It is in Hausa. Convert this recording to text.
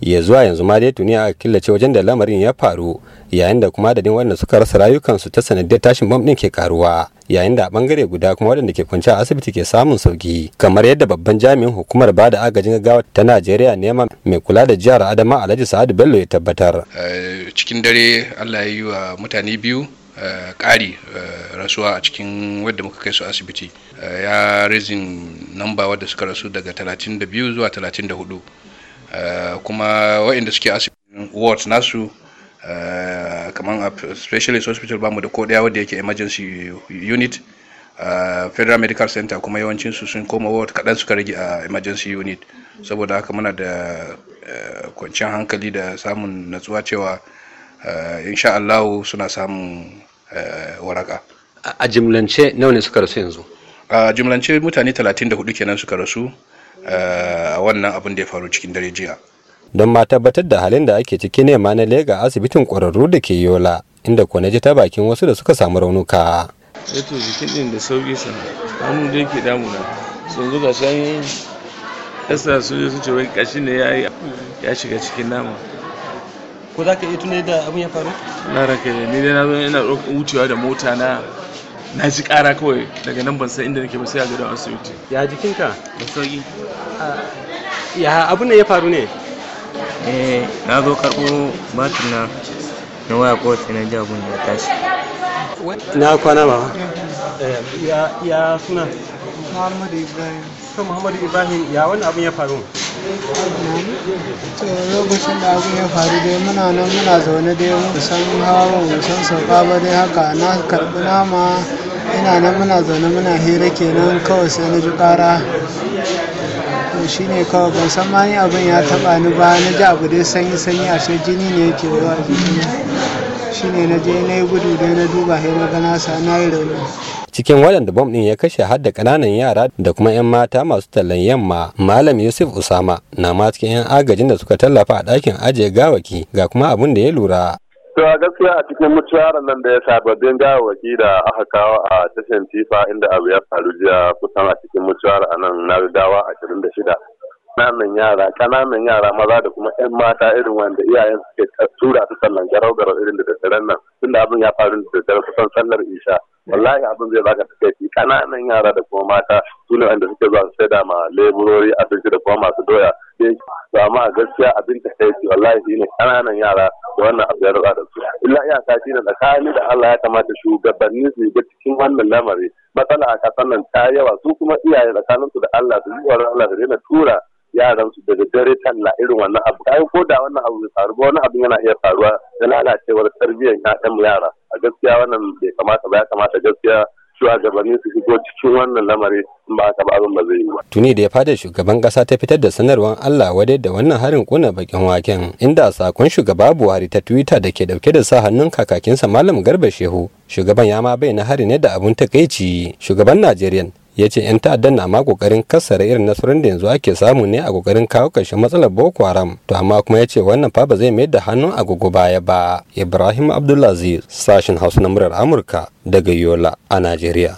ya zuwa yanzu ma dai tuni a killace wajen da lamarin ya faru yayin da kuma adadin wadanda suka rasa rayukansu ta sanadiyar tashin bam din ke karuwa yayin da a bangare guda kuma wadanda ke kwance asibiti ke samun sauki kamar yadda babban jami'in hukumar bada agajin gaggawa ta najeriya nema mai kula da jihar adama alhaji sa'adu bello ya tabbatar eh, cikin dare allah ya yi wa mutane biyu eh, ƙari eh, rasuwa a cikin wadda muka kai su asibiti ya rizin namba wadda suka rasu daga 32 zuwa 34 Eh, kuma waɗanda suke asibitin wards nasu eh, kamar a specialist hospital bamu da ko daya wadda yake emergency unit eh, federal medical center kuma yawancin su sun koma ward kaɗan suka rage a emergency unit saboda haka muna da kwanciyar hankali da samun natsuwa cewa insha Allah suna samun waraka a jimlance nawa ne suka rasu yanzu a jimlance mutane 34 kenan suka rasu wannan abin da ya faru cikin dare jiya don ma tabbatar da halin da ake ciki ne ma na lega asibitin ƙwararru da ke yola inda ko ji ta bakin wasu da suka samu raunuka eto eh jikin din da sauki sa hannu da yake damuna sun zo ga shan yasa su je su ce wai kashi ne ya ya shiga cikin nama ko za ka iya tunai da abin ya faru na raka ni dai na zo ina wucewa da mota na na ji kara kawai daga nan ban san inda nake ba sai a gidan asibiti ya jikinka da sauki ya abu ne ya faru ne eh na zo karbo batir na na waya ko sai na ji ne ya tashi na kwana ba eh, ya suna Muhammad ibrahim to Muhammad ibrahim ya wani abin ya faru eh, lokacin da abin ya faru dai muna nan muna zaune dai mu san hawa mu san sauka ba dai haka na karɓi nama ina nan muna zaune muna hira kenan kawai sai na ji kara shi ne kawai ban san ma ni abin ya taba ni ba na ji abu dai sanyi sanyi a shi jini ne yake zuwa shi ne na je na yi gudu dai na duba sai na ga na sa na yi rauni cikin waɗanda bom ɗin ya kashe har da ƙananan yara da kuma 'yan mata masu tallan yamma malam yusuf usama na ma cikin 'yan agajin da suka tallafa a ɗakin ajiye gawaki ga kuma abin da ya lura To a gaskiya a cikin mutuwarar nan da ya sababbin gawawaki da aka kawo a tashin tifa inda abu ya faru jiya kusan a cikin mutuwar a nan na gawa ashirin da shida. Ƙananan yara, ƙananan yara maza da kuma 'yan mata irin wanda iyayen suke tura su sallan garau garau irin da daddaren nan. Tunda abin ya faru da daddaren kusan sallar isha. wallahi abin zai baka kai kananan yara da kuma mata su ne wanda suke zuwa su saida ma leburori abinci da kuma masu doya to amma gaskiya abin ta takaici wallahi ne kananan yara da wannan abu ya rutsa da su illa iyaka ne tsakani da Allah ya kamata shugabanni su ga cikin wannan lamari matsala a kasan nan ta yawa su kuma iyaye tsakaninsu da Allah su yi Allah su daina tura yaran su daga dare talla irin wannan abu kai ko da wannan abu ya faru ba wannan abin yana iya faruwa da lalacewar tarbiyyar ƴaƴan yara gaskiya wannan bai kamata ba ya kamata gaskiya shugabanni su shigo cikin wannan lamari in ba haka ba abin ba zai yi ba. Tuni da ya fada shugaban kasa ta fitar da sanarwar Allah wadai da wannan harin kuna bakin waken inda sakon shugaba Buhari ta Twitter da ke dauke da sa hannun kakakinsa Malam Garba Shehu. Shugaban ya ma bayyana hari ne da abun takaici. Shugaban Najeriya ya ce 'yan ta'addan na ma kokarin kassara irin nasarar da yanzu ake samu ne a kokarin kawo karshen matsalar boko haram to amma kuma ya ce wannan fa ba zai mayar da hannun agogo baya ba ibrahim abdulaziz sashen hausa na murar amurka daga yola a najeriya